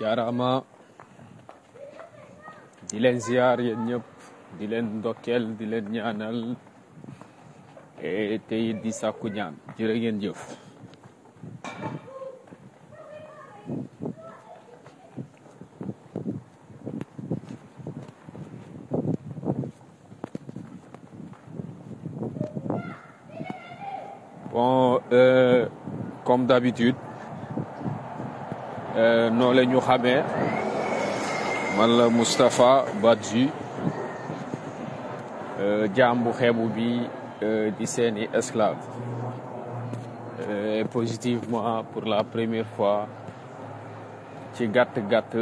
jaaraama di leen ziar yéen ñep di leen ndokkeel di leen ñaanal e tey di sakku ñaan jere ngeen jëf bon euh, comme d'habitude euh, nous la ñu man Moustapha Badji euh, jaam bu un euh, esclave positivement pour la première fois ci suis gatt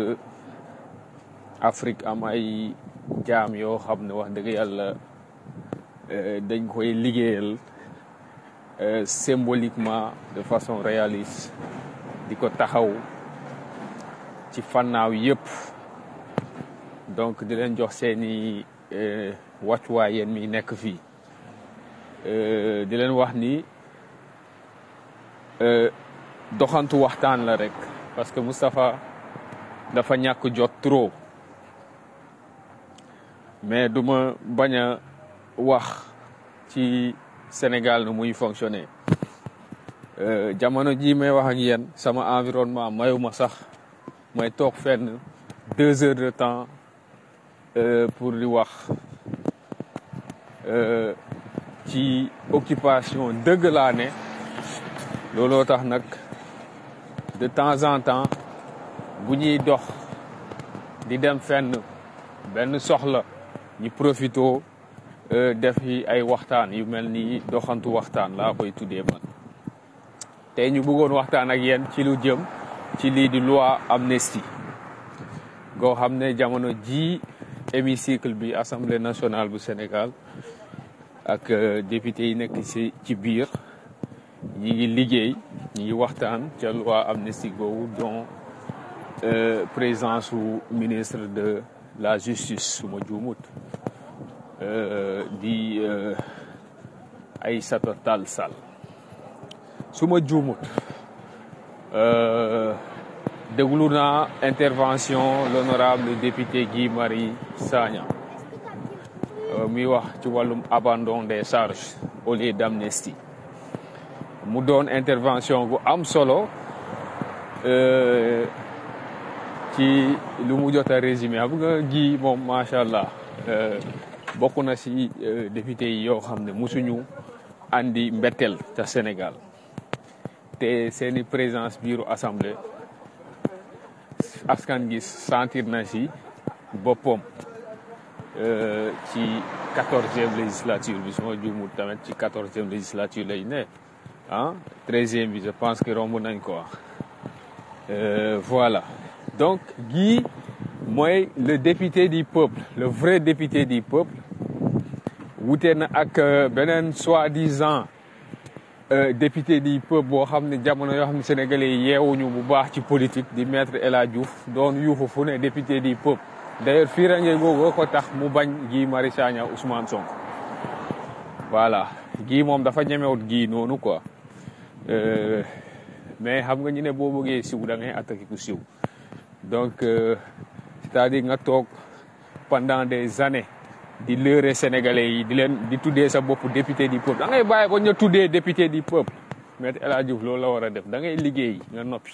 Afrique am ay jaam yoo xam ne wax dëgg symboliquement de façon réaliste di ko taxaw ci fànnaaw yëpp donc di leen jox seeni euh, wàccuwaay yéen mi nekk fii euh, di leen wax ni euh, doxantu waxtaan la rek parce que Moustapha dafa ñàkk jot trop mais du ma bañ a wax ci Sénégal nu muy fonctionner jamono jii may wax ak yéen sama environnement mayu ma sax moy tok fenn 2 heures de temps euh pour di wax euh ci occupation deug la né lolo tax nak de temps en temps bu ñuy dox di dem fenn ben soxla ñi profito euh def yi ay waxtaan yu melni doxantu waxtaan la koy tuddé man tey ñu bëggoon waxtaan ak yeen ci lu jëm ci li di loi amnistie go xam ne jamono ji hémicycle bi assemblée nationale du Sénégal ak euh, député yi nek ci ci biir ñi ngi liggéey ñi ngi waxtaan loi amnistie googu dont euh, présence su ministre de la justice suma juumut euh, di Aïssata Tall Sall suma juumut de euh, déglu intervention l'honorable député Guy Marie Sagna euh, muy wax ci abandon des charges au lieu d'amnistie Nous donnons intervention bu am solo euh, ci lu mu a résumé Guy bon macha allah bokk na député yi de xam Andy musuñu andi Sénégal c'est une présence bureau assemblée askan gis sentir nazi bopom boppam 14e euh, législature bi su tamet ci 14e législature lay ne ah je pense que nañ ko ah. euh, voilà donc Guy moi le député du peuple le vrai député du peuple wute na ak euh, Benin soi-disant euh, député di peuple bo xam jamono yo xam sénégalais yi bu baax ci politique di maître El Hadj Diouf doon yuufu fu ne député di peuple d'ailleurs fiirange gogo ko tax mu bañ gi Marius Sagna Ousmane Sonko voilà gi mom dafa ñemewut gi noonu quoi euh mais xam nga ñu bo bëggé bëggee siw da ngay attaqué ku siw donc euh, c'est-à-dire nga tok pendant des années di lëre sénégalais yi di leen di tuddee sa bopp député du peuple da ngay bàyyi ba ñu tuddee député du peuple Maître El loolu la war a def dangay liggéey nga noppi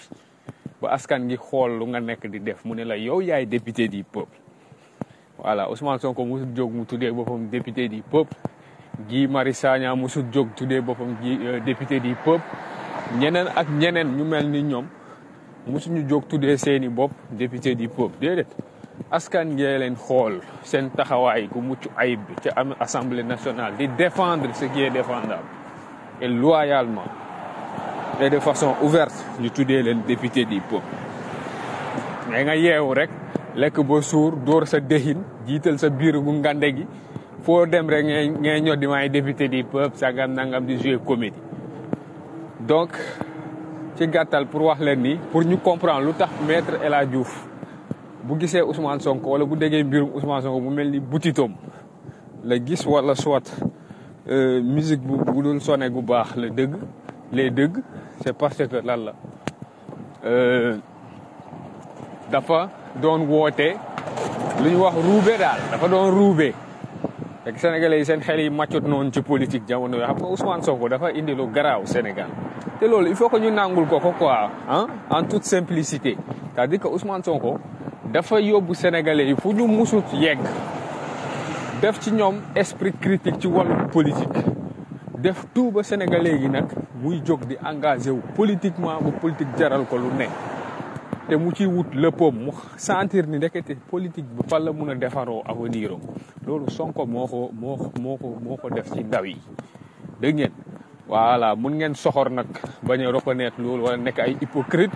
ba askan gi xool nga nekk di def mu ne la yow yaay député du peuple voilà Ousmane Sonko musul jóg mu tuddee boppam député du peuple Guy Marius Sagna musul jóg tuddee boppam euh, député du peuple ñeneen ak ñeneen ñu mel ni ñoom musuñu jóg tuddee seeni bopp député du peuple déedéet askan ngee leen xool seen taxawaay gu mucc ayib ci assemblée nationale di défendre ce qui est défendable et loyalement et de façon ouverte ñu tuddee leen député du peuple mais nga yeewu rek lekk ba suur dóor sa dehin jiital sa biir gu ngande gi foo dem rek ngay ngay ñoo di maay député du peuple sangam nangam di jouer comédie donc ci gàttal pour wax leen ni pour ñu comprendre lu maître El Diouf bu gisee Ousmane Sonko wala bu Ousmane Sonko la wala soit euh, musique bu bu gu la les c'est parce que lan la euh, dafa doon woote lu wax ruube daal dafa doon ruube fekk sénégalais yi xel yi ci politique jamono Ousmane Sonko dafa indi lu Sénégal il faut que ñu nangul quoi hein, en toute simplicité cest à que Ousmane Sonko dafa yóbbu sénégalais yi fu ñu musut yegg def ci ñoom esprit critique ci wàllu politique def tout ba sénégalais yi nag muy jóg di engagé wu politiquement bu politique jaral ko lu ne te mu ciy wut lëppoom mu sentir ni ndekete politique bu fal la mun a defaroo avenir am loolu Sonko moo ko moo moo ko moo ko def ci ndaw yi dégg ngeen mun ngeen soxor nag bañ a reconnaître loolu wala nekk ay hypocrite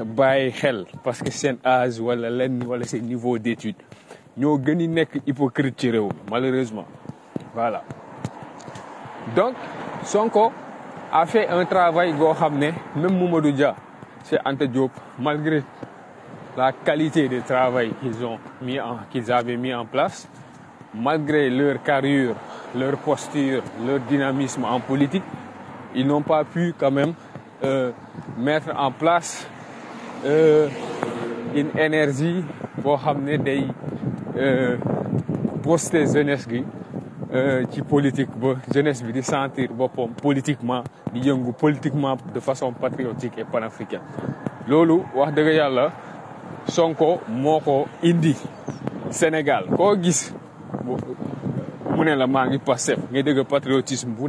bàyyi parce que c'est âge wala lenn wala niveau d'étude ñoo gën a nekk hypocrite malheureusement voilà donc Sonko a fait un travail goo xam même Mamadou Dia Ante Diop malgré la qualité de travail qu'ils ont mis qu'ils avaient mis en place malgré leur carrure leur posture leur dynamisme en politique ils n'ont pas pu quand même euh, mettre en place euh, une énergie pour amener des euh, jeunes jeunesse qui euh, politique bo, jeunesse bi di sentir politiquement di politiquement de façon patriotique et panafricaine loolu wax deug yalla Sonko moko indi Sénégal ko gis mu la patriotisme bu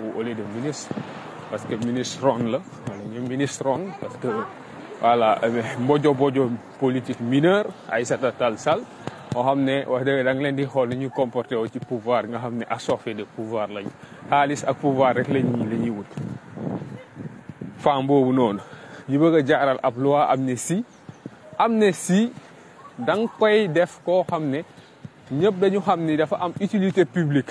ou au lieu de ministre parce que ministre ron la wala ñu eh, ministre ron parce que voilà mbojo bojo politique mineur aïssata tal sal mo oh, xamné wax deug da nga leen di xol ñu hamne ci oh, pouvoir nga xamné assoffé de pouvoir lañ xaliss ak pouvoir rek lañ lañuy wut fam bobu non ñu bëgg jaaral ab loi amnesty amnesty dang koy def ko hamne, ñëpp dañu xamni dafa am utilité publique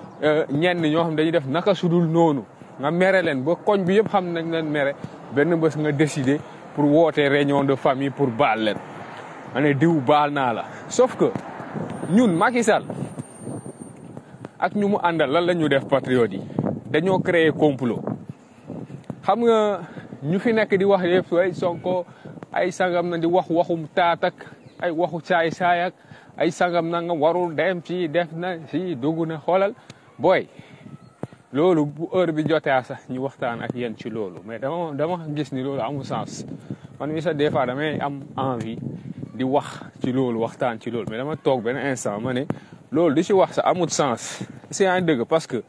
Euh, ñenn ñoo xam dañuy def naka sudul noonu nga mere leen ba koñ bi yëpp xam nañ leen mere benn bés nga décider pour woote réunion de famille pour baal leen ma diw baal naa la sauf que ñun makisal ak ñu mu àndal lan la ñu def patriotes yi dañoo créer complot xam nga ñu fi nekk di wax yëpp ay Sonko ay sangam na di wax waxum taatak ay waxu saay saay ak ay sangam na nga warul dem ci def na si dugg na xoolal boy loolu bu heure bi jotee sax ñu waxtaan ak yéen ci loolu mais dama dama gis ni loolu amul sens man mi sax des fois damay am envie di wax ci loolu waxtaan ci loolu mais dama toog benn instant ma ne loolu di ci wax sax amul sens si yaa dëgg parce que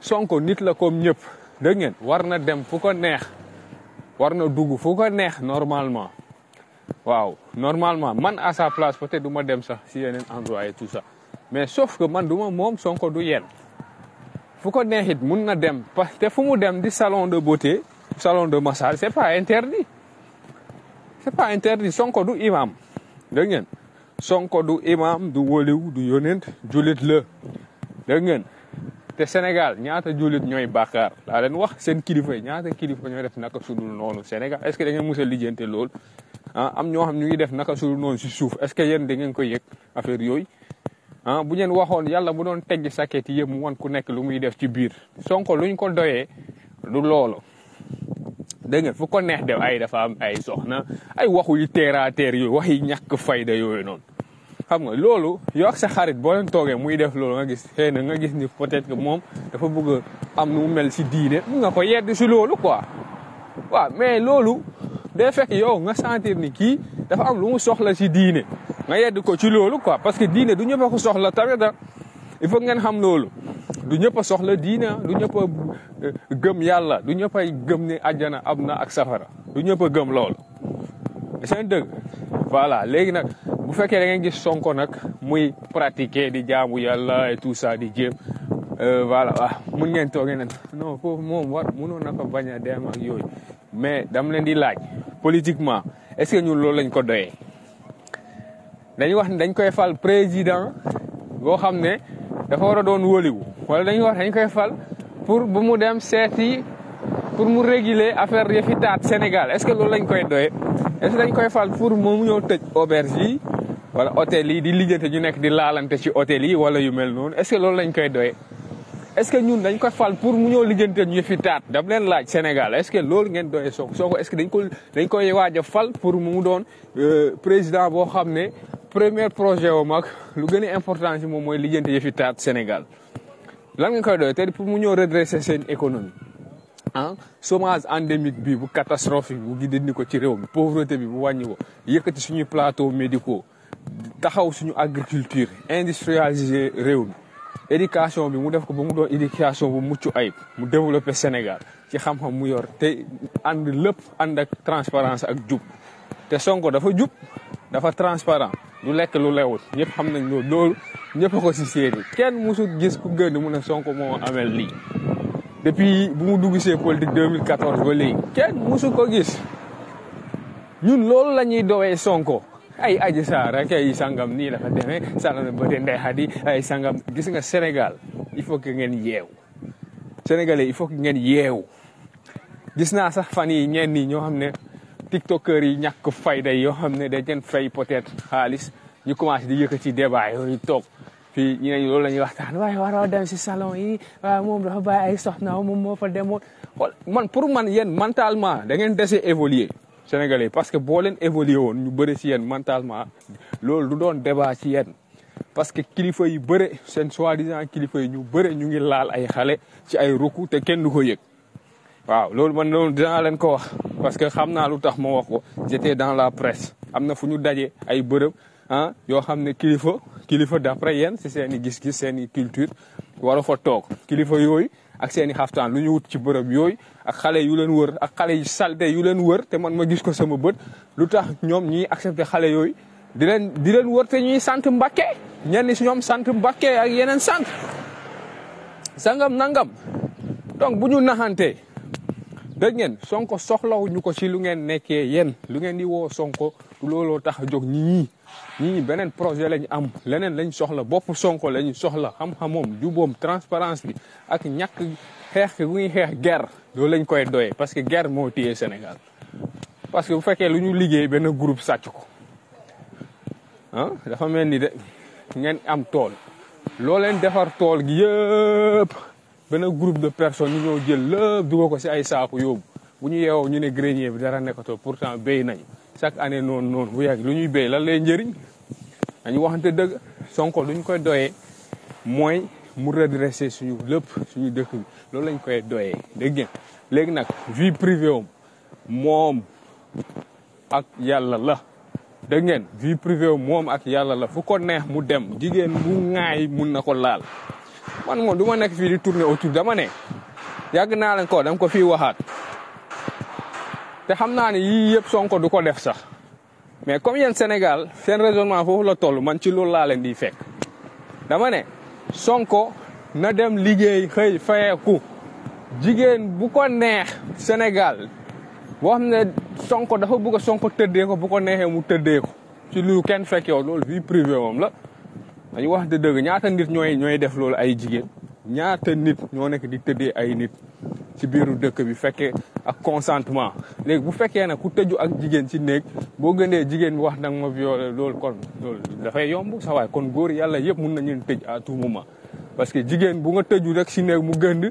sonko nit la comme ñëpp dëgg ngeen war na dem fu ko neex war na dugg fu ko neex normalement waaw normalement man à sa place peut être du ma dem sax si yeneen endroit et tout ça mais sauf que man du ma moom sonko du yéen fu ko neexit mun na dem parce que fu mu dem di salon de beauté salon de massage c'est pas interdit c'est pas interdit Sonko du imam dégg ngeen Sonko du imam du wolew du yonent jullit le, dégg ngeen te Sénégal ñaata jullit ñoy bàkkaar la len wax sen kilifa yi ñaata kilifa ñoy def naka sudul noonu Sénégal est-ce que da ngeen mos a lool ah am ñoo xam ñu ngi def naka sudul noonu si suuf est-ce que yéen da ngeen koy yek affaire yoy ah bu ngeen waxoon yàlla bu doon teggi saket yi yëpp mu wan ku nekk lu muy def ci biir sonko luñ ko doyee du loolo dégg nga fu ko neex def ay dafa am ay soxna ay waxu yu teeraateer yooyu wax yi ñàkk fayda yooyu noonu xam nga loolu yow sa xarit boo leen toogee muy def loolu nga gis xëy na nga gis ni être que moom dafa bëgg am nu mel si diine mun nga ko yedd si loolu quoi waaw mais loolu day fekk yow nga sentir ni kii dafa am lu mu soxla si diine nga yedd ko ci loolu quoi parce que diine du ñëpp a ko soxla tamit il faut ngeen xam loolu du ñëpp a soxla diine du ñëpp a euh, gëm yàlla du ñëpp a gëm ne àjjana am na ak safara du ñëpp a gëm loolu seen dëgg voilà léegi nag bu fekkee da ngeen gis sonko nag muy pratiquer di jaamu yàlla et tout ça di jéem euh, voilà waaw mun ngeen toogee nag non foofu moom war munoon na fa bañ a dem ak yooyu mais dam leen di laaj politiquement est-ce que ñun loolu lañ ko doyee dañuy wax ne dañ koy fal président boo xam ne dafa war a doon wóoliwu wala dañuy wax dañ koy fal pour bu mu dem seeti pour mu réguler affaire yi fi taat Sénégal est que loolu lañ koy doyee est-ce que dañ koy fal pour mu ñëw tëj auberge yi wala hôtel yi di lijjante ñu nekk di laalante ci hôtel yi wala yu mel noonu est-ce que loolu lañ koy doye est-ce que ñun dañ ko fal pour mu ñëw lijjante ñu fi taat dam leen laaj Sénégal est-ce que loolu ngeen doyee Sonko Sonko est-ce que dañ ko dañ koy waaj a fal pour mu doon euh, président boo xam ne premier projet wu mag lu gën a important ci moom mooy lijjante ñu fi taat Sénégal lan nga koy doyee te pour mu ñëw redresser seen économie ah chômage endémique bi bu catastrophe bi bu dindi ko ci réew mi pauvreté bi bu wàññi ko yëkkati suñuy plateau médicaux taxaw suñu agriculture industrialiser réew mi éducation bi mu def ko ba mu doon éducation bu mucc ayib mu développer Sénégal ci xam-xam mu yor te ànd lépp ànd ak transparence ak jub te sonko dafa jub dafa transparent du lekk lu lewul ñëpp xam nañ loolu loolu ñëpp ko si séeni kenn musul gis ku gën mu ne sonko moo amel lii depuis bu mu dugg see politique 2014 ba léegi kenn musu ko gis ñun loolu la ñuy dowee sonko ay aji sara ke ay sangam ni la fa deme sala no bote ndey hadi ay sangam gis nga senegal il faut que ngeen yew sénégalais il faut que ngeen yew gis na sax fan yi ñenn ñi ñoo xam ne tiktokeur yi ñàkk fayda yoo xam ne dañ leen fay peut être xaalis ñu commencé di yëkkati débat yooyu toog fii ñu ne loolu la waxtaan waaye waroo dem si salon yi waaye moom dafa bàyyi ay soxna moom mo fa demoon man pour man yéen mentalement da ngeen dese évoluer sénégalais parce que bo len évolué woon ñu bëré ci yéen mentalement loolu du doon débat ci yéen parce que kilifa yi bëré sen soi-disant kilifa yi ñu bëré ñu ngi laal ay xalé ci ay roku té kenn du ko yegg waaw loolu man loolu dinaa leen ko wax parce que xamna naa lu tax ma wax ko j'étais dans la presse amna fu ñu dajé ay bërëb ah yo xamné kilifa kilifa d'après yéen si seen gis-gis seen culture waro fa tok kilifa yoy ak seeni xaftaan lu ñu wut ci bërëb yooyu ak xale yu leen wër ak xale yu salte yu leen wër te man ma gis ko sama bët lu tax ñoom ñuy accepté xale yooyu di leen di leen wër te ñuy sant mbàkke ñenn si ñoom sant mbàkke ak yeneen sant sangam nangam donc bu ñu naxantee dégg ngeen sonko soxlaw ñu ko ci lu ngeen nekkee yéen lu ngeen di woo sonko du looloo tax a ñi ñi projet lañ am lenen lañ soxla bopp sonko lañ soxla xam-xamoom juboom transparence bi ak ñàkk xeex ki ñuy xeex guerre loolu lañ koy doyee parce que guerre moo téye sénégal parce que bu fekkee lu ñu liggéey benn groupe sàcc ko ah dafa mel de ngeen am tol, loo leen defar tool gi ben groupe de personnes ñu ñëw jël lépp dugal ko ci ay saaku yobbu bu ñu yeewoo ñu ne grenier bi dara nekkatoo pourtant béy nañ chaque année non non bu yàgg lu ñuy béy lan lay njëriñ dañu waxante deug Sonko lu koy doyé moy mu redresser suñu lepp suñu dëkk bi loolu lañ koy doyé deug ngeen légui nak vie privée om moom ak yalla la dégg ngeen vie privée om moom ak yalla la fu ko neex mu dem jigéen mu ngaay mun na ko laal man moom du ma nekk fii di tourner autour dama ne yàgg naa leen ko dama ko fi waxaat te xam naa ne yii yëpp Sonko du ko def sax mais comme yéen Sénégal seen raisonnement foofu la toll man ci loolu laa leen di fekk dama ne Sonko na dem liggéey xëy fayeeku jigéen bu ko neex Sénégal boo xam ne Sonko dafa bëgg Sonko tëddee ko bu ko neexee mu tëddee ko ci lu kenn fekk yow loolu vie privée moom la dañu wax de ñaata nit ñooy ñooy def loolu ay jigéen ñaata nit ñoo nekk di tëddee ay nit ci biiru dëkk bi fekkee ak consentement léegi bu fekkee nag ku tëju ak jigéen ci néeg boo gënee jigéen wax nag ma violé loolu kon loolu dafay yomb sa waay kon góor yàlla yëpp mun nañu tëj à tout moment parce que jigéen bu nga tëju rek si néeg mu gënd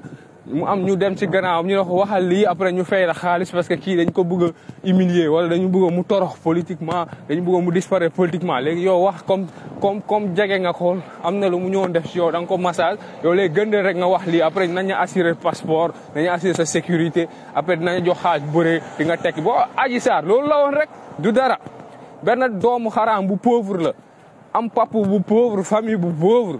mu am ñu dem si gannaawam ñu ne ko waxal lii après ñu fay la xaalis parce que kii dañ ko bëgg a humilier wala dañu bëgg mu torox politiquement dañu bëgg mu disparaître politiquement léegi yow wax comme comme comme jege nga xool am na lu mu ñëwoon def si yow da ko massage yow lay gënd rek nga wax lii après nañu assurer passeport nañu assurer sa sécurité après dinañu jox xaaj bëree di nga tekki boo aji saar loolu la woon rek du dara benn doomu xaraam bu pauvre la am papu bu pauvre famille bu pauvre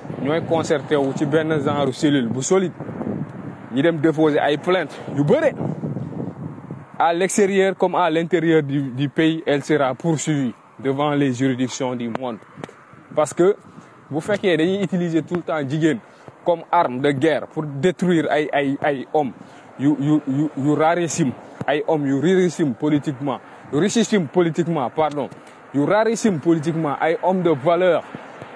avons concerté wu ci benn genre cellule bu solide ñi dem déposer ay plainte yu à l'extérieur comme à l'intérieur du, pays elle sera poursuivie devant les juridictions du monde parce que bu fekkee dañuy utiliser tout le temps jigéen comme arme de guerre pour détruire ay ay ay hommes yu yu yu yu rarissime ay hommes yu rarissime politiquement yu politiquement pardon yu rarissime politiquement ay hommes de valeur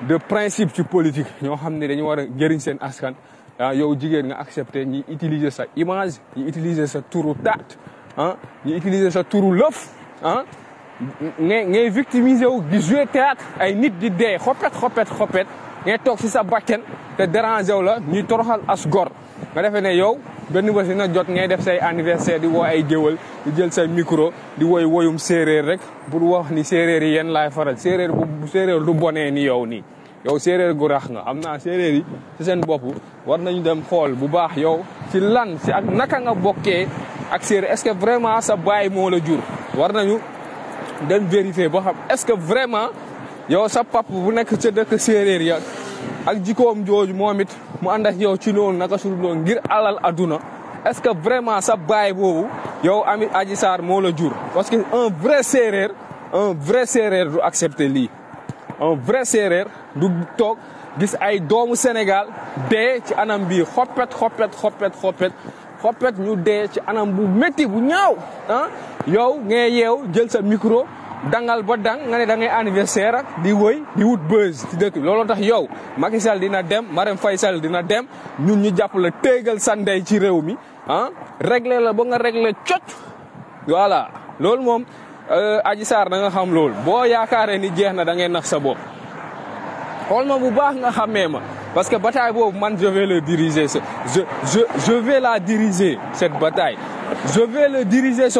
de principe ci politique ñoo xam ne dañu war a jëriñ seen askan ah yow jigéen nga accepté ñi utiliser sa image ñi utiliser sa turu taat ah ñi utiliser sa turu lëf ah ngay ngay victimiser wu di jouer théâtre ay nit di dee xopet xopet xopet ngay toog si sa bakken te déranger wu la ñuy toroxal as gor nga defee ne yow benn bés dina jot ngay def say anniversaire di woo ay géwal jël say micro di woy woyum séeréer rek pour wax ni séeréer yi yéen laay faral séeréer bu séeréer du bonee ni yow nii yow séeréer gu rax nga am naa séeréer yi ci seen bopp war nañu dem xool bu baax yow si lan si ak naka nga bokkee ak séeréer est-ce que vraiment sa baay mool a jur war nañu dem vérifier ba xam est-ce que vraiment yow sa pap bu nekk ca dëkk séeréer ya ak jikkoom jooju mu ànd yow ci naka ngir est-ce que vraiment sa baay boobu yow amit Adji je moo la parce que un vrai séeréer un vrai séeréer du accepter lii un vrai séeréer du toog gis ay doomu Sénégal dee ci anam bii xoppet xoppet xoppet xoppet xoppet ñu dee ci anam bu métti bu ñaaw ah yow ngay jël sa micro. dangal ba dang nga ne da ngay anniversaire ak di woy di wut buzz ci dëkk bi looloo tax yow Macky dina dem Marème Faye Sall dina dem ñun ñu jàpp la tégal sandey ci réew mi ah réglé la ba nga réglé cocc voilà loolu moom euh, Adji Sarr da xam lool boo yaakaaree ni jeex na da ngay nax sa bopp xool ma bu baax nga xamee ma parce que bataille boobu man je vais le diriger ce je je vais la diriger cette bataille je vais le diriger ce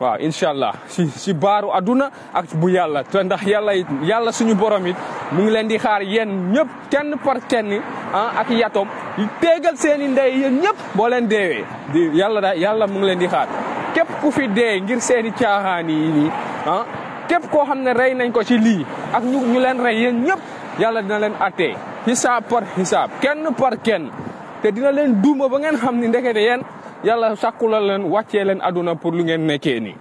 waaw incha allah si si baaru aduna ak bu yàlla te ndax yàlla it yàlla suñu borom it mu ngi leen di xaar yéen ñëpp kenn par kenn ah ak yatom yi tegal seen i ndey yéen ñëpp boo leen deewee di yàlla da yàlla mu ngi leen di xaar képp ku fi dee ngir seen i caaxaan yi nii ah képp koo xam ne rey nañ ko ci lii ak ñu ñu leen rey yéen ñëpp yàlla dina leen attee par xisaab kenn par kenn te dina leen duuma ba ngeen xam ni ndekete yéen yàlla sàkku la leen wàccee leen aduna pour lu ngeen nekkee nii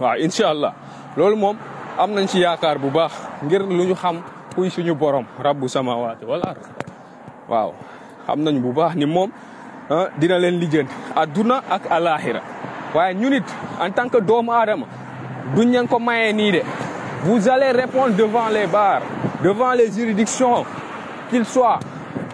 waaw incha allah loolu moom am nañ si yaakaar bu baax ngir lu ñu xam kuy suñu borom rabbu samawaati wal ard waaw xam nañ bu baax ni moom ah, dina leen lijjanti aduna ak alaxira waaye ñu nit en tant que doomu aadama duñ leen ko mayee nii de vous allez répondre devant les bars devant les juridictions soi soient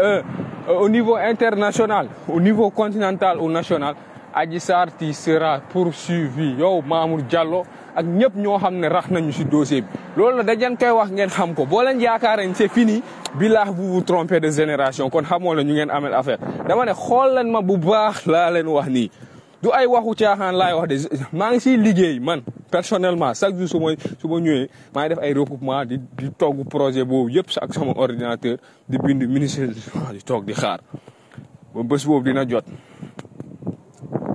euh, Euh, au niveau international, au niveau continental ou national, Adji Sarr ti sera poursuivi Yo Mamour Diallo ak ñep ñoo xam rax nañu ci dossier bi loolu la dajan koy wax ngeen xam ko bo leen yaakaaree c'est fini billah vous vous trompez de génération kon xamoo la ñu ngeen amel affaire dama ne xool leen ma bu baax laa leen wax nii du ay waxu caaxaan laay wax de maa ngi siy liggéey man personnellement chaque jour su ma su ma ñëwee maay def ay recoupement di di togg projet boobu yëpp ak sama ordinateur di bind ministère di toog di xaar ba bés boobu dina jot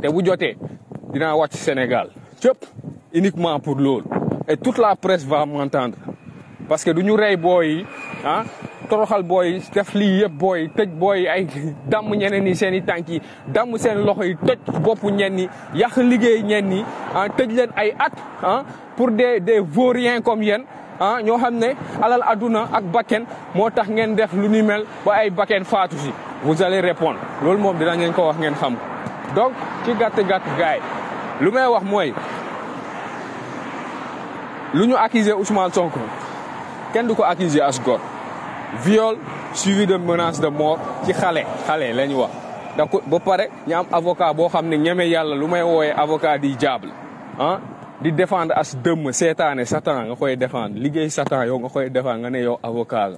te bu jotee dinaa wàcc Sénégal cëpp uniquement pour lool et toute la presse va m'entendre parce que du ñu rey booy ah, toroxal boy def li yëpp boy tej boy ay dam ñeneen ni seeni tanki dam seen loxo yi toj boppu ñenn ñi yàq liggéey ñenn ñi ah leen ay at hein pour des des vauriens comme yéen hein ñoo xamne alal aduna ak bakken motax ngeen def lu ni mel ba ay bakken faatu ci vous allez répondre loolu mom dina ngeen ko wax ngeen xam donc ci gatte gàtt gaay lu may wax moy lu ñu accuser Ousmane Sonko kenn du ko accuser as gore viol suivi de menace de mort ci xalé xalé la wax da ko ba pare ñu am avocat bo xam ne yalla yàlla lu may wooyee avocat di diable ah di défendre as dëmm seetaane satan nga koy défendre liggéey satan yow nga koy défendre nga né yow avocat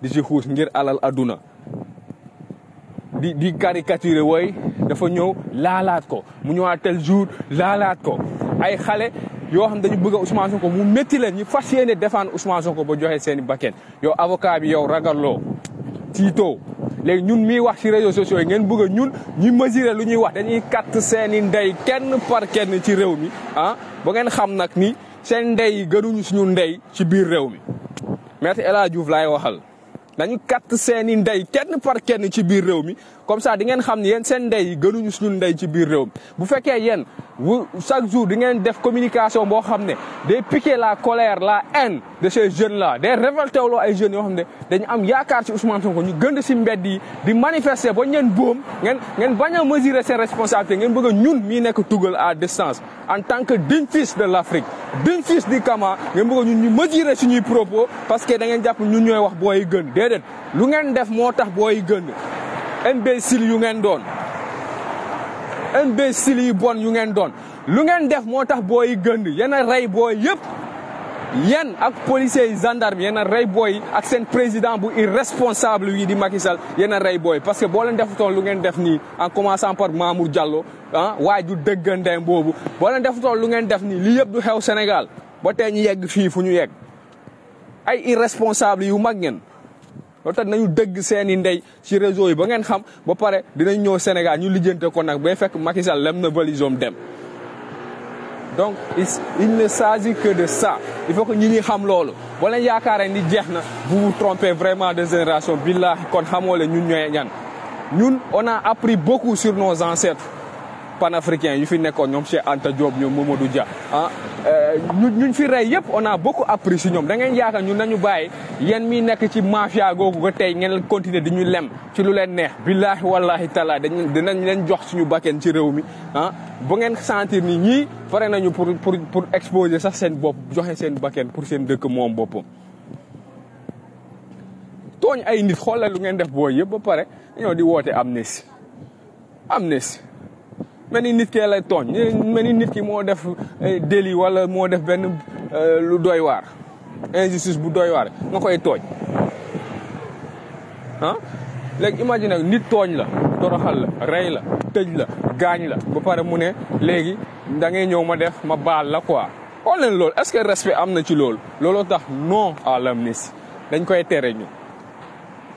di ci xuus ngir alal aduna di di caricature way dafa ñëw laalat ko mu ñëwaat tel jour laalat ko ay xalé yoo xam dañu bëgg a Ousmane Sonko mu métti leen fas yéene défendre Ousmane Sonko ba joxe seen i bakken yow avocat bi yow ragaloo tiitoo léegi ñun miy wax si réseaux sociaux yi ngeen bëgg a ñun ñu mesurer lu ñuy wax dañuy katt seeni i ndey kenn par kenn ci réew mi ah ba ngeen xam nag ni seen ndey yi gënuñu suñu ndey ci biir réew mi maître El Hadj Diouf waxal dañu katt seen i ndey kenn par kenn ci biir réew mi comme ça di ngeen xam ni yéen seen ndey gënuñu suñu ndey ci biir réew mi bu fekkee yéen chaque jour di ngeen def communication boo xam ne day piquer la colère la haine de ces jeunes là day révolté wuloo ay jeunes yoo xam ne dañu am yaakaar ci Ousmane Sonko ñu gënd si mbedd yi di manifester ba ngeen boom ngeen ngeen bañ a mesurer ses responsabilités ngeen bëgg a ñun mii nekk tugal à distance en tant que digne fils de l'Afrique digne fils du Kama ngeen bëgg a ñun ñu mesurer suñuy propos parce que da ngeen jàpp ñun ñooy wax booy gën déedéet lu ngeen def moo tax booy gën imbécile yu ngeen doon imbécile yi bon yu ngeen doon lu ngeen def moo tax booy gënd yéen rey booy yëpp yan ak policiers yi gendarme yéen rey booy ak seen président bu irresponsable yi di Macky Sall yéen rey booy parce que boo leen defutoon lu ngeen def nii en commençant par Mamour Diallo ah waay ju dëggandeem boobu boo leen defutoon lu ngeen def nii lii yëpp du xew Sénégal ba tey ñu yegg fii fu ñu yegg ay irresponsable yu mag ngeen loolu tax nañu dëgg seen ndey ci réseau yi ba ngeen xam ba paré dinañ ñëw Sénégal ñu lijeenté ko nak bay fekk Macky Sall lem na valisoom dem donc il ne s'agit que de ça il faut que ñi ñi xam loolu len yaakaaré ni jeex na vous vous trompez vraiment de génération billahi kon xamoo le ñun ñoy ñan ñun on a appris beaucoup sur nos ancêtres panafricains yu fi nekkoon ñoom Cheikh Anta Diop ñoom Mamadou Dia ah euh, ñuñ fi rey yëpp on a beaucoup appris si ñoom da ngeen yaakaar ñun nañu bàyyi yéen mi nekk ci mafia googu ba tey ngeen continuer di ñu lem ci lu leen neex billaahi wallaahi taalaa dañ dinañ leen jox suñu bakken ci réew mi ah bu ngeen sentir ni ñii pare nañu pour pour pour exposer sax seen bopp joxe seen bakken pour seen dëkk moom boppam tooñ ay nit xoolal lu ngeen def boo yëpp ba pare ñoo di woote am am amnistie mel ni nit kee lay nit ki def eh, délit wala moo def benn eh, lu doy war injustice bu doy waar nga koy tooñ ah léegi imagine nit tooñ la toroxal la rey la tëj la gaañ la ba pare mu ne léegi da ngay ñëw ma def ma baal la quoi xool est-ce que respect ci tax non à l'amnistie dañ koy tere ñu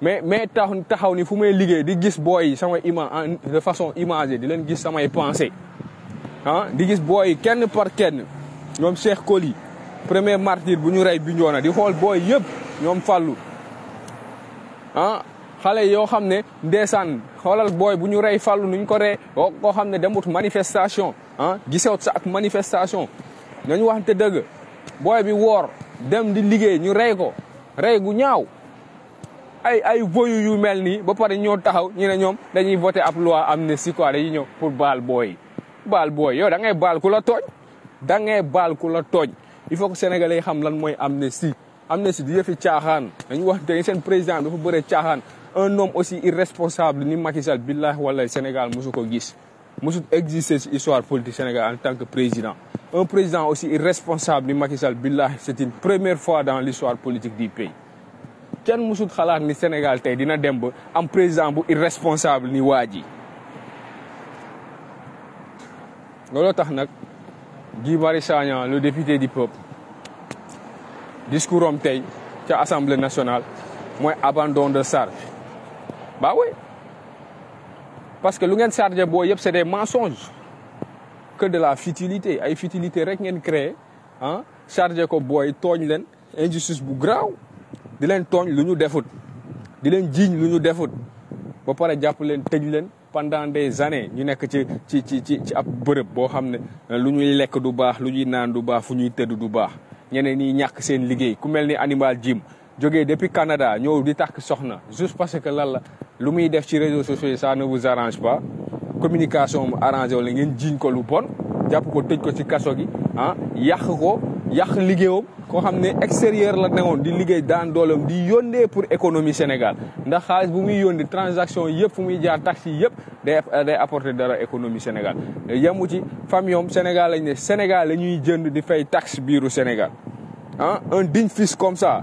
mais mais tax de façon imagée di ça gis pensée ah, di par kenn ñom Cheikh Le premier martyr bu ñu rey bi Ils di xol boy yeb ñom Ils ah xalé yo xamné ne xolal boy bu ñu nuñ ko ré ko xamné manifestation ah fait sa ak manifestation nañu waxante deug ils bi wor dem di liggéey ñu ray ko ray gu ay ay voyou yu melni ba pare ñoo taxaw ñu ne ñoom dañuy voter ap loi amnistie quoi dañuy ñëw pour bal boy, bal boy. yo da ngay bal ku la tooñ da ngay bal ku la il faut que sénégalais xam lan moy amnistie amnistie di yëfi tiaxan dañu wax dañ sen président dafa bëre tiaxan un homme aussi irresponsable ni Macky Sall billah wallahi Sénégal mosu ko gis mosu exister ci histoire politique Sénégal en tant que président un président aussi irresponsable ni Macky Sall billah c'est une première fois dans l'histoire politique du pays kenn qui xalaat ni Sénégal dina président irresponsable ni Wadi Guy le député du peuple discours am tey assemblée nationale mooy abandon de bah oui parce que lu ngeen chargé boo c'est des mensonges que de la futilité ay futilité rek ngeen créé ah chargé ko injustice di leen tooñ lu ñu defut di leen jiiñ lu defut ba pare jàpp leen tëj leen pendant des années ñu nekk ci ci ci ci ci ab bërëb boo xam ne lu ñuy lekk du baax lu ñuy naan du baax fu ñuy tëdd du baax ñeneen ñi ñàkk seen liggéey ku mel ni Hannibal jim jógee depuis Canada ñëw di takk soxna juste parce que lan la lu muy def ci réseaux sociaux yi ça ne vous arrange pas communication mu arrangé wu la ngeen jiiñ ko lu bon jàpp ko tëj ko ci kaso gi ah yàq ko yàq liggéeyam koo xam ne extérieur la newoon di liggéey daan dooleem di yónnee pour économie Sénégal ndax xaalis bu muy yónni transaction yépp fu muy jaar taxes yi day day apporter dara économie Sénégal yemu ci Sénégal lañ ne Sénégal la ñuy jënd di fay taxe biiru Sénégal ah un digne fils comme ça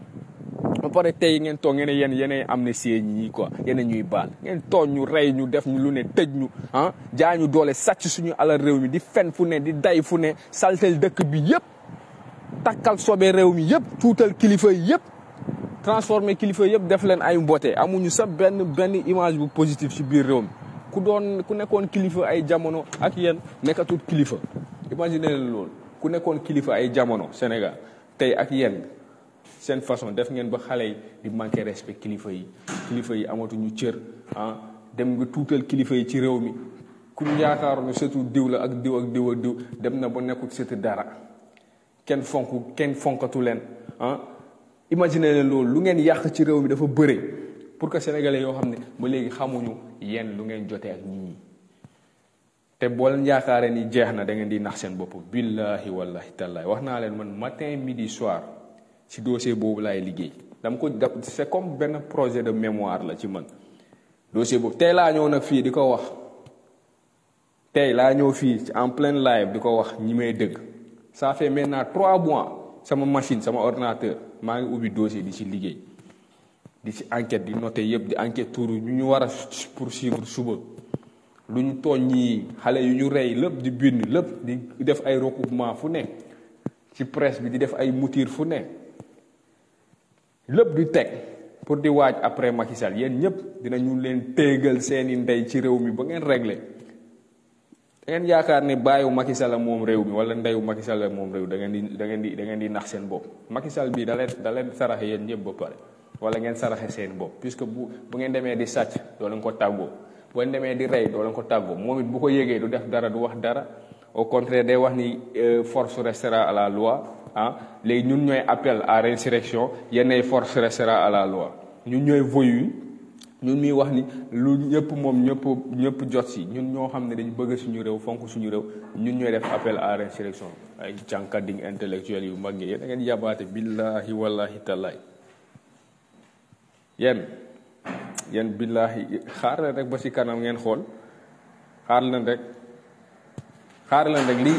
Mpare teye gen ton, genne yene amnesye e nyi kwa, genne nyo i ban. Gen ton nyo, ray nyo, def nyo, lune, tej nyo. Dja nyo dole, satis nyo ala rewimi, di fen fune, di day fune, sal tel dek bi, yep. Tak kal sobe rewimi, yep, toutel kilife, yep. Transforme kilife, yep, def len ayon bote. Amou nyo sa ben, ben ni imaj pou pozitif si bi rewim. Kou don, kou nekon kilife ay jamono, aki yen, neka tout kilife. Imanjine loun, kou nekon kilife ay jamono, Senega, teye aki yen, seen façon def ngeen ba xale yi di manqué respect kilifa yi kilifa yi amatuñu cër ah dem nga tuutal kilifa yi ci réew mi ku yaakaaru ne sëtu diw la ak diw ak diw ak diw dem na ba nekkul sëtu dara ken fonk ken fonkatu leen ah imagine leen loolu lu ngeen yàq ci réew mi dafa bëre pour que sénégalais yoo xam ne ba léegi xamuñu yenn lu ngeen jotee ak nit ñi te boo leen yaakaaree ni jeex da ngeen di nax seen bopp billahi wallahi tallahi wax naa man matin midi soir ci dossier boobu laay liggéey dama ko c'est comme benn projet de mémoire la ci man dossier boobu tey laa ñëw nag fii di ko wax tey laa ñëw fii en plein live di ko wax ñi may ça fait maintenant trois mois sama machine sama ordinateur maa ngi ubbi dossier di ci liggéey di ci enquête di noter yëpp di enquête touru ñu ñu war a poursuivre suba lu ñu tooñ ñii xale yu ñu rey lépp di bind lépp di def ay recoupement fu ne ci presse bi di def ay moutir fu ne lépp du tek pour di waaj après Macky Sall yéen ñëpp dinañu leen téegal seeni ndey ci réew mi ba ngeen régler da ngeen yaakaar ne bàyyiwu Macky Sall moom réew mi wala ndeyu Macky Sall moom réew da ngeen di da ngeen di da ngeen di nax seen bopp Macky Sall bi da leen da leen saraxe yéen ñëpp ba pare wala ngeen saraxe seen bopp puisque bu bu ngeen demee di sàcc doo leen ko tàggoo bu ngeen demee di rey doo leen ko tàggoo moom bu ko du def dara du wax dara au contraire day wax ni euh, force restera à la loi Les hein. léegi ñun ñooy appel à l'insurrection force restera à la loi ñun ñooy voyous ñun mi wax ni lu ñëpp ñëpp ñëpp si ñun bëgg suñu suñu ñun def appel à ay intellectuel yu mag billahi wallahi billahi xaar rek ba kanam ngeen xaar rek quel li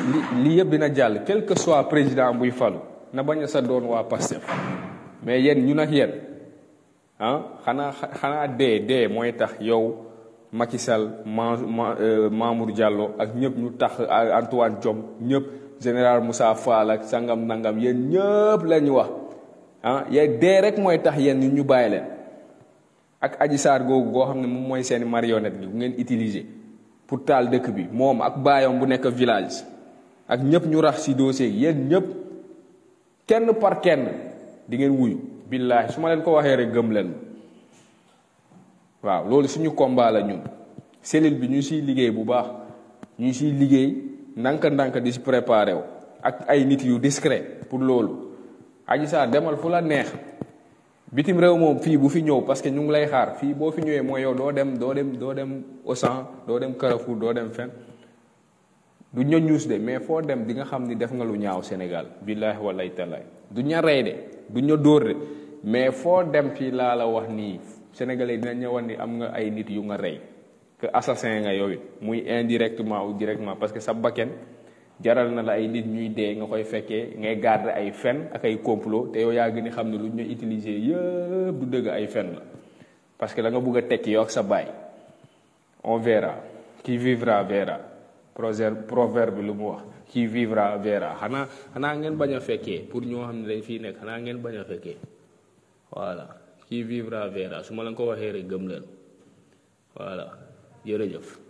li quel que soit président buy na bañ a sa doon waa mais yéen ñu yéen ah xanaa xanaa dee dee mooy tax yow Macky Sall euh, Mamour Diallo euh, Antoine général Moussa Fall sangam nangam wax ah rek tax ñu ak googu marionnette pour taal dëkk bi moom ak baayam bu nekk village ak ñëpp ñu rax si dossier yi yéen ñëpp kenn par kenn di ngeen wuyu billaahi su ma leen ko waxee rek gëm leen waaw loolu suñu combat la ñun cellule bi ñu siy liggéey bu baax ñu siy liggéey ndànk-ndànk di si wu ak ay nit yu discret pour loolu aji saa demal fu la neex bitim réew moom fii bu fi ñëw parce que ñu ngi lay xaar fii boo fi ñëwee mooy yow doo dem doo dem doo dem Auchan doo dem Carrefour doo dem fenn du ña ñuus de mais foo dem di nga def nga lu ñaaw Sénégal billahi wallahi talaay du ña rey de du ña dóor de mais foo dem fii laa la wax nii Sénégalais dina ñëwan ni am nga ay nit yu nga rey que assassin nga yow muy indirectement ou directement parce que sa bakken jaral na la ay nit ñuy dee nga koy fekkee ngay garde ay fen ak ay complot te yow yaa gën a xam ne lu ñu utiliser yëpp du dëgg ay fen la parce que la nga bugg a tekki yow ak sa on verra qui vivra verra proverbe lu mu wax qui vivra verra xanaa xanaa ngeen bañ a fekkee pour ñoo xam ne dañ fii nekk xanaa ngeen bañ a fekkee voilà qui vivra verra su ma la ko waxee rek gëm leen voilà jërëjëf